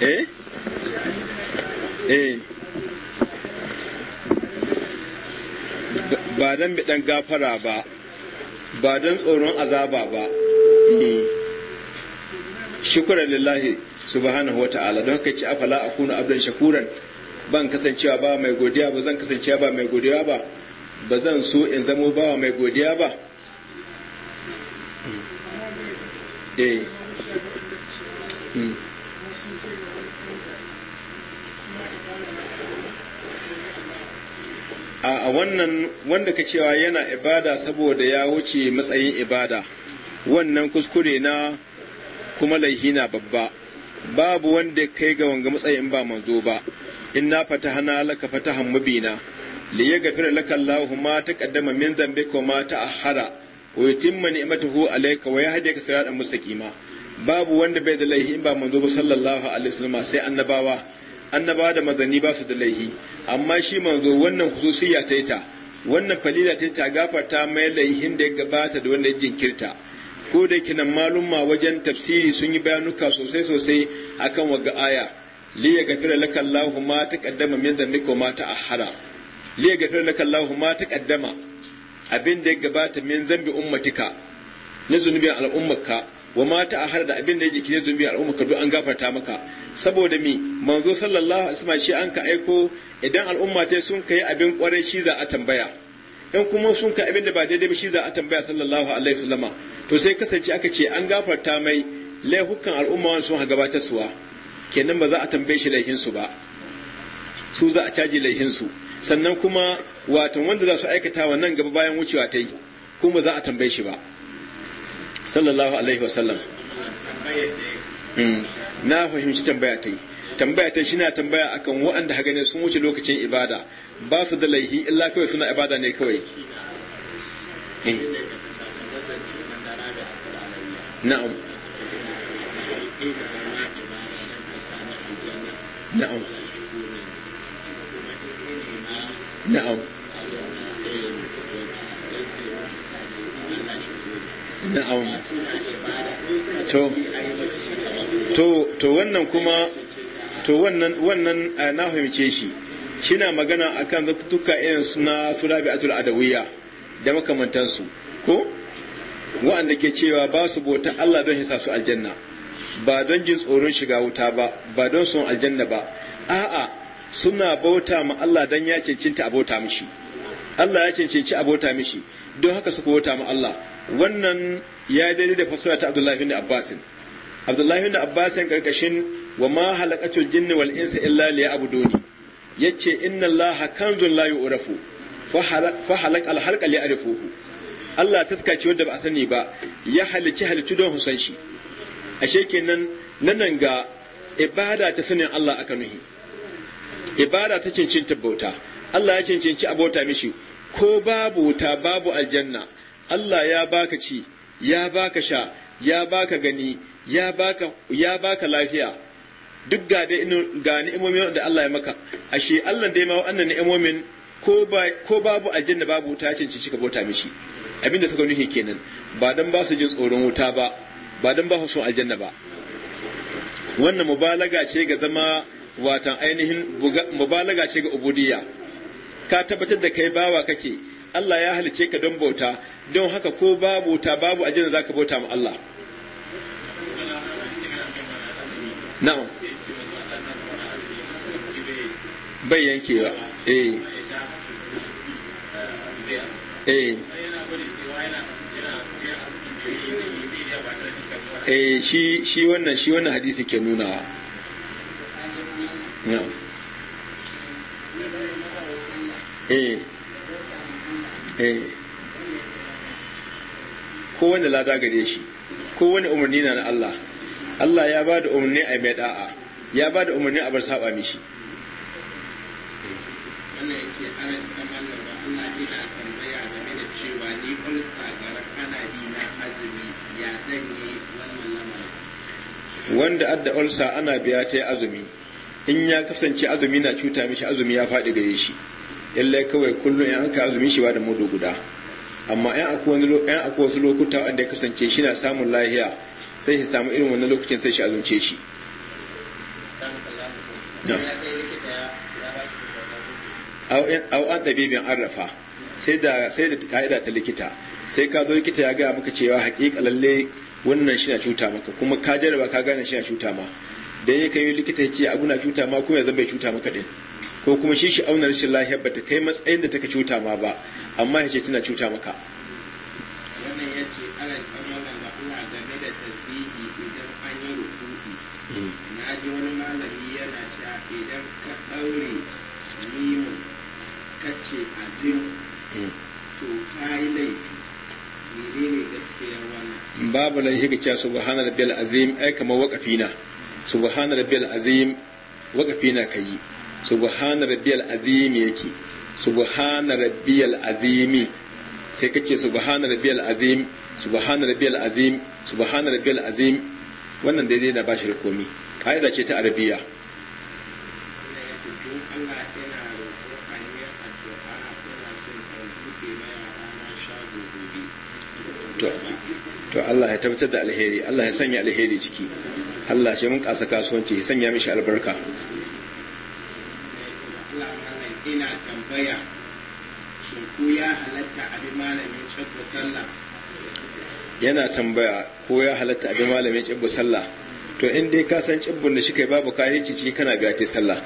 eh eh ba don biɗan gafara ba ba don tsoron azaba ba hmm. shukura lillahi subhanahu wa ta'ala don haka ce afala a kuna abdan shakuran ban kasancewa ba mai godiya ba zan kasancewa ba mai godiya ba ba zan so in zamo ba mai godiya ba hmm. eh a wannan wanda ka cewa yana ibada saboda ya wuce matsayin ibada wannan kuskure na kuma laihi na babba babu wanda kai ga wanga matsayin ba manzo ba in na fata hana laka fatahan mubina li ya gafira laka Allah ma ta kaddama min zambe ko ma ta ta'akhara wa yutimma ni'matahu alayka wa yahdika siratan mustaqima babu wanda bai da laihi in ba manzo ba sallallahu alaihi wasallam sai annabawa annaba da mazanni ba su da laihi amma shi manzo wannan hususiyya ta ta wannan falila ta ta gafarta mai laihin da ya gabata da wannan ya jinkirta ko da yake nan malumma wajen tafsiri sun yi bayanuka sosai sosai akan waga aya li ya gafira laka Allahu ma taqaddama min dhanbika ma ta'akhkhara li ya gafira laka Allahu ma taqaddama abin da ya gabata min zambi ummatika na zunubin al'ummarka wa ma ta'akhkhara da abin da ya jiki na zunubin al'ummarka duk an gafarta maka saboda mi manzo sallallahu alaihi wasallam shi an ka aiko idan al'umma ta sun kai abin kwarai shi za a tambaya in kuma sun ka abin da ba daidai ba shi za a tambaya sallallahu alaihi wasallam to sai kasance aka ce an gafarta mai laifukan al'umma sun gabatar suwa kenan ba za a tambaye shi laifin su ba su za a caji laifin su sannan kuma watan wanda za su aikata wannan gaba bayan wucewa ta yi kuma za a tambaye shi ba sallallahu alaihi wasallam Mm. na fahimci tambaya ta yi tambaya ta shi na tambaya akan waɗanda haka ne sun wuce lokacin ibada ba su da laihi illa kawai suna ibada ne kawai mm. na'am na'am na'am bin auna to to to wannan kuma to wannan wannan na fahimce shi shina magana akan zattuka irin suna bi'atul adawiyya da makamantansu ko wa'anda ke cewa ba su bota Allah don hisa su aljanna ba don jin tsoron shiga wuta ba ba don son aljanna ba a'a suna bauta ma Allah don ya cancinta a bauta mishi Allah ya cancanci a bauta mishi don haka suka bauta ma Allah wannan ya daidai da fasara ta Abdullahi bin Abbas Abdullahi bin Abbas karkashin wa ma halaqatul jinni wal insa illa ya'buduni. yace inna Allah kanzun la yu'rafu fa halaq al halqa arifuhu. Allah taska ce wanda ba a sani ba ya halici halitu don husan shi ashe kenan nan ga ibada ta sanin Allah aka nuhi ibada ta cincinta bauta Allah ya cincinci abota mishi ko babu ta babu aljanna Allah ya baka ci ya baka sha ya baka gani ya baka ya baka lafiya duk ga dai ga ni'imomin da Allah ya maka ashe Allah dai ma wannan ni'imomin ko babu aljanna babu wuta cin ci cika bota mishi abinda suka nuhi kenan ba dan ba su jin tsoron wuta ba ba dan ba su son aljanna ba wannan mubalaga ce ga zama watan ainihin mubalaga ce ga ubudiya. ka tabbatar da kai bawa kake Allah ya halice ka don bauta don haka ko babu ta babu ajin za ka bauta ma Allah na'am bai yankewa eh eh eh shi shi wannan shi wannan hadisi ke nuna na'am eh Eh. kowane lada gare shi kowane umarni na na Allah Allah ya ba da umarni a mai da'a ya ba da umarni a bar saba mishi wanda adda ulsa ana biya ta azumi in ya kasance azumi na cuta mishi azumi ya faɗi gare shi illai kawai kullum in an ka azumin shi ba da mudu guda amma in akwai wasu lokuta wanda ya kasance shi na samun lahiya sai shi samu irin wannan lokacin sai shi azumce shi au an ɗabibin arrafa sai da ka'ida ta likita sai ka zo likita ya gaya maka cewa haƙiƙa lalle wannan shi na cuta maka kuma ka jarraba ka gane shi na cuta ma dan yake yi likita ya ce abu na cuta ma kuma ya zan bai cuta maka din ko kuma shi shi auna rashin lahiyar ba kai matsayin da take cuta ma ba amma ya ce tana cuta maka wannan ya ce ana tsammanin da Allah game da tasbihi idan an yi rukuki mm. na ji wani malami yana cewa idan ka daure limin ka ce azim mm. to ka yi laifi menene gaskiyar wannan babu laifi ga cewa subhana rabbiyal azim ai kamar waqafi na subhana rabbiyal azim waqafi na kai subhan rabbiyal azimi yake subhan rabbiyal azimi sai kace subhan rabbiyal azim subhan rabbiyal azim subhan rabbiyal azim wannan daidai na bashi komi ka'ida ce ta arabiya to Allah ya tabbatar da alheri Allah ya sanya alheri ciki Allah ya mun kasa kasuwanci ya sanya mishi albarka ina tambaya shin ko ya halatta abin malamin cabba sallah yana tambaya ko ya halatta abin malamin cabba sallah to in dai ka san cabbun da shi kai babu kahirci ciki kana biya ta sallah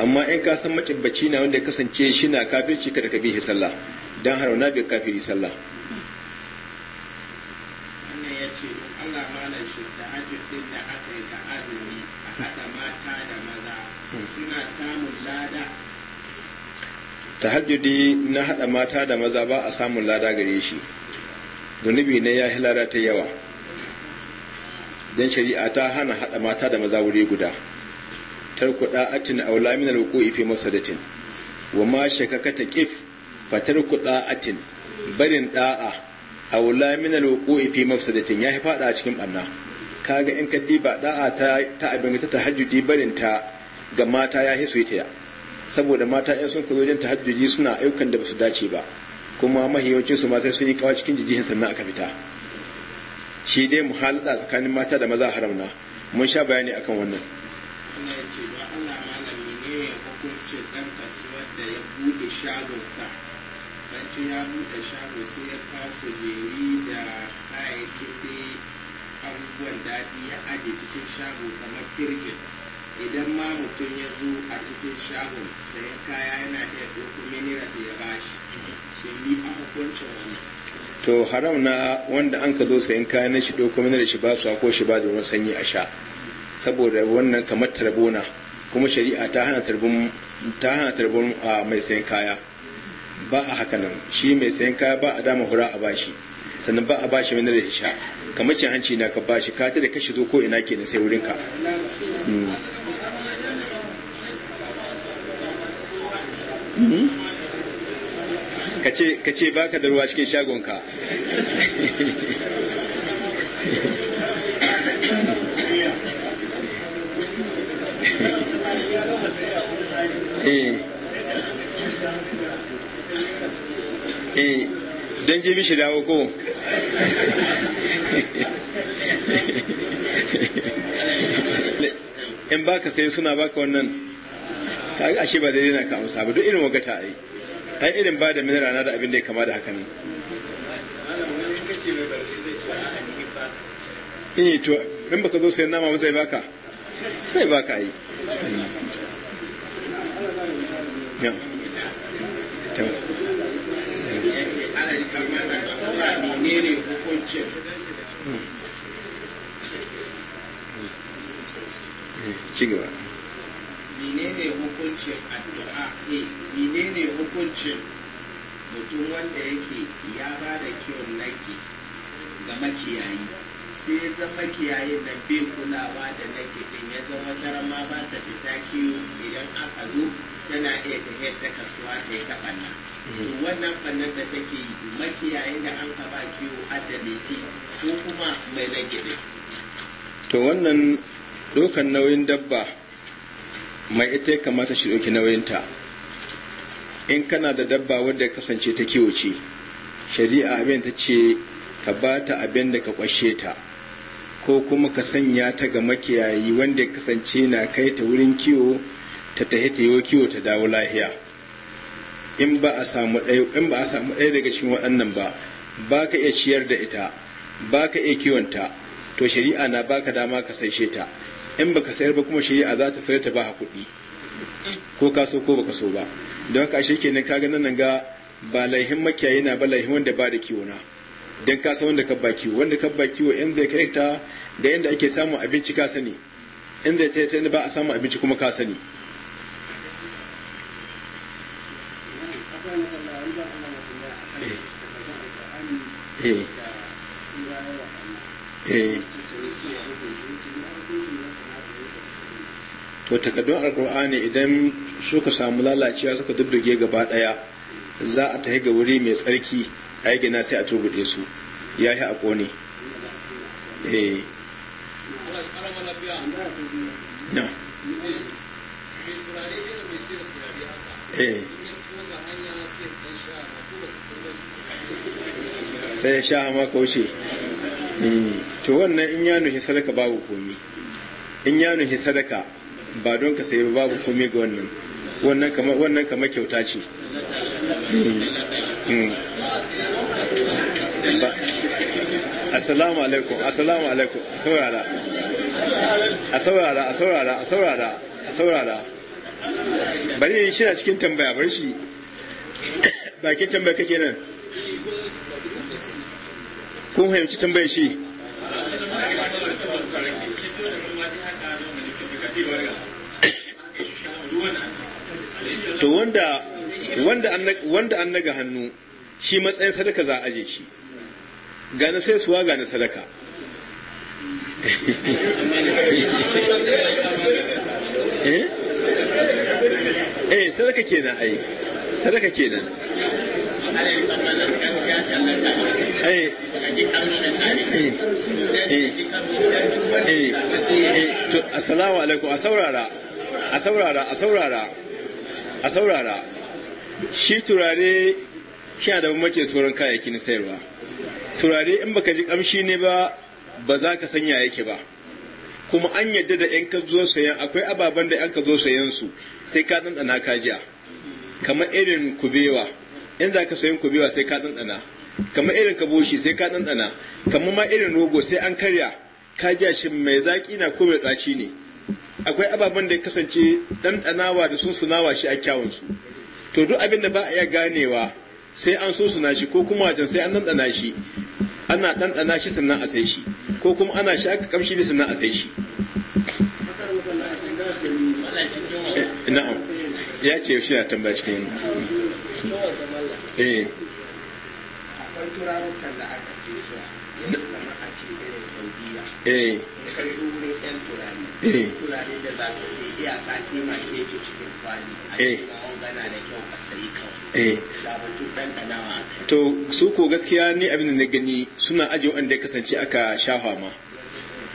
amma in ka san macibbaci na wanda ya kasance shi na kafirci kada ka bi shi sallah dan harauna bai kafiri sallah wannan ya ce Allah malam shi da ajin da aka yi ta azumi a hada mata da maza hmm. suna samun lada tahajjudi na haɗa mata da maza ba a samun lada gare shi zunubi ne ya hilara ta yawa don shari'a ta hana haɗa mata da maza wuri guda tarku a aw laminal wuqu'i fi mafsadatin wa ma ta taqif fa tarku da'atin barin da'a aw laminal wuqu'i fi mafsadatin ya fada a cikin banna kaga in ka diba da'a ta abin ta tahajjudi barin ta ga mata ya hisu ta saboda mata yan sun wajen tahajjuji suna ayyukan da basu dace ba kuma mahiyocin su ma sai sun yi kawa cikin jijihin sannan aka fita shi dai muhalada tsakanin mata da maza haramna mun sha bayani akan wannan shagonsa ya buɗe shago sai ya da kayayyakin dai abubuwan daɗi ya aje cikin shago kamar firgin idan ma mutum ya zo a cikin shagon sayan kaya yana iya ɗauko minira sai ya bashi shi ni a hukuncin wani. to haram na wanda an ka zo sayan kaya na shi ɗauko da shi ba su ko shi ba domin sanyi a sha saboda wannan kamar tarbona kuma shari'a ta hana tarbon ta hana tarbon mai sayan kaya ba a haka nan shi mai sayan kaya ba a dama hura a bashi sannan ba a bashi minar da sha kamar cin hanci na ka bashi ka ta da kashi zo ko ina ke sai wurinka hmm. ka ce ka da ruwa cikin shagonka eh. Eh. don je shi dawo ko in ka sai suna baka wannan kaga ashe ba daidai na ka amsa ba duk irin wagata ai ai irin ba da minara na da abin da ya kama da haka nan in eh, to in baka zo sayan nama ba zai baka zai baka ai hmm. Hmm. ci gaba menene hukuncin addu'a ne eh, menene hukuncin mutum wanda yake ya ba da kiwon naki ga makiyayi sai ya zama kiyayin da bai kulawa da naki din ya zama darama ba ta fita kiwo idan aka zo tana iya tafiyar da kasuwa ta yi ta banna eh. wannan banna da take yi makiyayin da an ka ba kiwo adalci ko kuma mai naki din to wannan dokan nauyin dabba mai ita ya kamata shi ɗauki nauyinta in kana da dabba wadda ya kasance ta kiwo ce shari'a abin ta ce ka ba ta abin da ka kwashe ta ko kuma ka sanya ta ga makiyayi wanda ya kasance na kai ta wurin kiwo ta tahi ta yi kiwo ta dawo lahiya in ba a samu ɗaya daga cikin waɗannan ba ba ka iya ciyar da ita ba ka iya kiwonta to shari'a na baka dama ka saishe ta in baka sayar ba kuma shari'a za ta sayar ta ba kuɗi ko ka so ko baka so ba don haka ashe kenan ka ganin nan ga ba laihin makiyayi na ba laihin wanda ba da kiwo na don ka san wanda ka ba kiwo wanda ka ba kiwo in zai kai ta ga yanda ake samun abinci ka sani in zai ta inda ba a samun abinci kuma ka sani eh eh, eh. to takaddun alkur'ani idan suka samu lalacewa suka dubduge gaba daya za a tahi ga wuri mai tsarki a yi gina sai a turbude su ya yi a kone eh. eh. sai ya sha maka wuce eh. to wannan in ya nuhi sadaka babu komi in ya nuhi sadaka ba don ka sayi babu komai ga wannan wannan kama wannan kama kyauta ce hmm. Hmm. assalamu alaikum assalamu alaikum a saurara a saurara a saurara a saurara a saurara bari yin shi na cikin tambaya bari shi bakin tambaya kake nan kun fahimci tambayar shi to wanda wanda an naga hannu shi matsayin sadaka za a aje shi gane sai suwa gane sadaka eh? eh sadaka kenan ai sadaka kenan eh. Eh. a saurara a saurara a saurara a saurara shi turare shi da mace sauran kayayyaki na sayarwa turare in baka ji kamshi ne ba ba za ka sanya yake ba kuma an yadda da yan ka zo sayan akwai ababen da yan ka zo sayan su sai ka dandana ka jiya kamar irin kubewa in za ka sayan kubewa sai ka dandana kamar irin kaboshi sai ka dandana kamar ma irin rogo sai an karya ka jiya shi mai zaki na ko mai ɗaci ne akwai ababen da ya kasance ɗanɗanawa da sun sunawa shi a kyawunsu to duk abin da ba a iya ganewa sai an so suna shi ko kuma wajen sai an ɗanɗana shi ana ɗanɗana shi sannan a sai shi ko kuma ana shi aka kamshi ne sannan a sai shi eh, na'am ya ce shi na tambaya cikin eh eh turare eh. da za ka sai iyaka kima ke cikin kwali a eh. cikin wangana da kyau ka sayi kawai labatun eh. ɗanɗanawa to su ko gaskiya ni abin da na gani suna aje wanda ya kasance aka shafa ma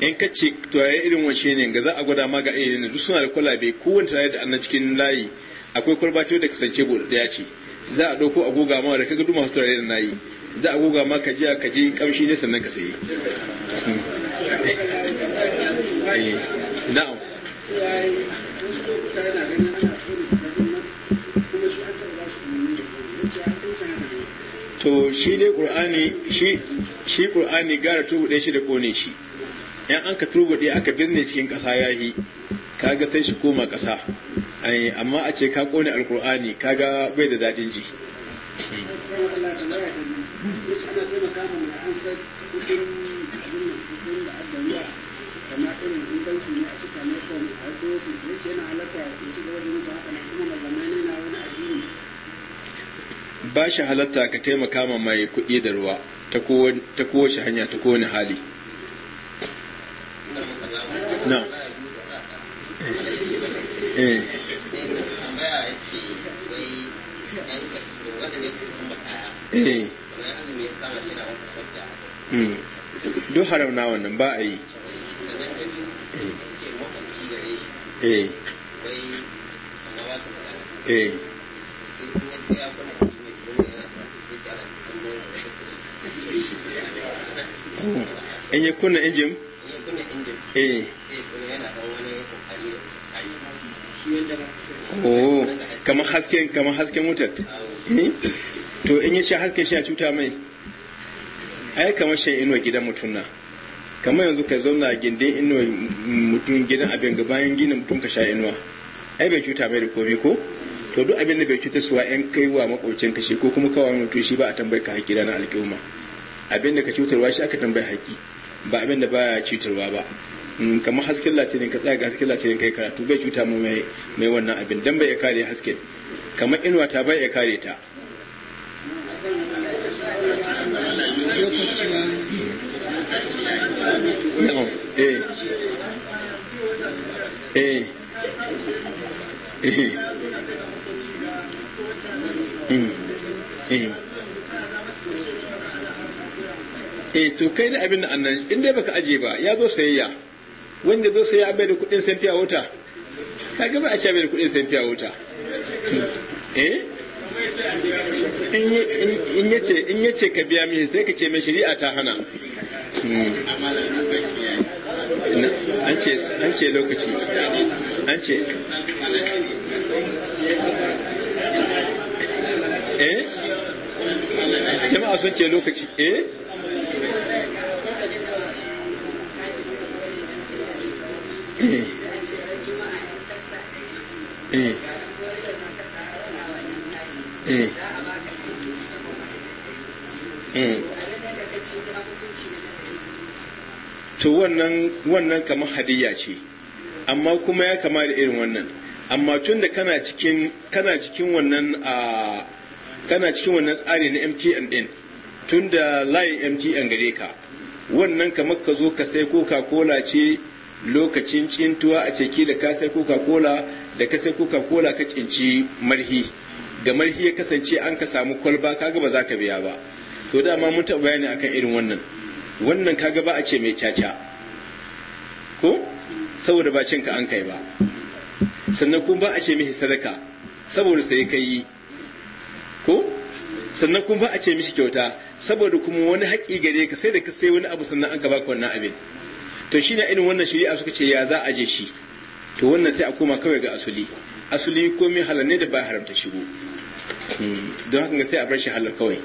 in ka ce turare irin wace ne ga za a gwada ma ga irin duk suna da kwalabe kowane tare da annan cikin layi akwai kwalbatiyo da kasance buɗaɗɗiya ce za a ɗauko goga ma da kaga duma su tare da nayi za a goga ma ka ji ka ji kamshi ne sannan ka sayi to shi dai qur'ani shi shi qur'ani gara ɗaya shi da kone shi in an ka ɗaya aka bizne cikin ƙasa yahi kaga sai shi koma ƙasa amma a ce ka kone alqur'ani kaga bai da daɗin ji Ba shi ce ka halatta ya ci gaba da musu haka nan kuma malamai na wani addini ba shi halatta ka taimaka ma mai kuɗi da ruwa ta kowace hanya ta kowane hali na eh, eh. eh. Hmm. duk haram na wannan ba a yi eh eh hmm. in ya kunna injin eh hasken eh, oh, kamar hasken wutar hmm? to in ya sha hasken shi a cuta mai ai inuwa gidan mutum na kamar yanzu ka zauna a gindin ino mutum gidan abin ga bayan gina mutum ka sha inuwa ai bai cuta mai da komai ko to duk abin da bai cuta suwa yan kai wa makwabcin ka shi ko kuma kawai mutum shi ba a tambayi ka haƙi ranar alƙiyuma abin da ka cutarwa shi aka tambayi haƙi ba abin da baya cutarwa ba hmm, kamar hasken latinin ka tsaya ga hasken latinin kai karatu bai cuta mu mai wannan abin dan bai ya kare hasken kamar inuwa ta bai ya kare ta fiqh eh eh eh, mm, mm. eh to kai da abin da annan in dai baka aje ba ya zo sayayya wanda zo sayayya bai da kudin san fiya wuta kaga ba a ce bai da kudin san fiya wuta hmm. eh in yace in yace ka biya mishi sai ka ce mai shari'a ta hana an ce lokaci an ce eh jama'a sun ce lokaci eh eh eh eh eh to wannan wannan kamar hadiyya ce amma kuma ya kama da irin wannan amma tun da kana cikin kana cikin wannan a kana cikin wannan tsari na MTN din tun da layin MTN gare ka wannan kamar ka zo ka sai Coca-Cola ce lokacin cintuwa a ceki da ka sai Coca-Cola da ka sai Coca-Cola ka cinci marhi ga marhi ya kasance an ka samu kwalba kaga ba za ka biya ba to dama mun taɓa bayani akan irin wannan wannan kaga ba a ce mai caca ko saboda ba cinka an kai ba sannan kuma ba a ce mai sadaka saboda sai kai yi ko sannan kuma ba a ce mishi kyauta saboda kuma wani haƙi gare ka sai da ka sai wani abu sannan an ka baka wannan abin to shine irin wannan shari'a suka ce ya za a je shi to wannan sai a koma kawai ga asuli asuli komai halal ne da ba haramta shigo hmm. don haka sai a bar shi halal kawai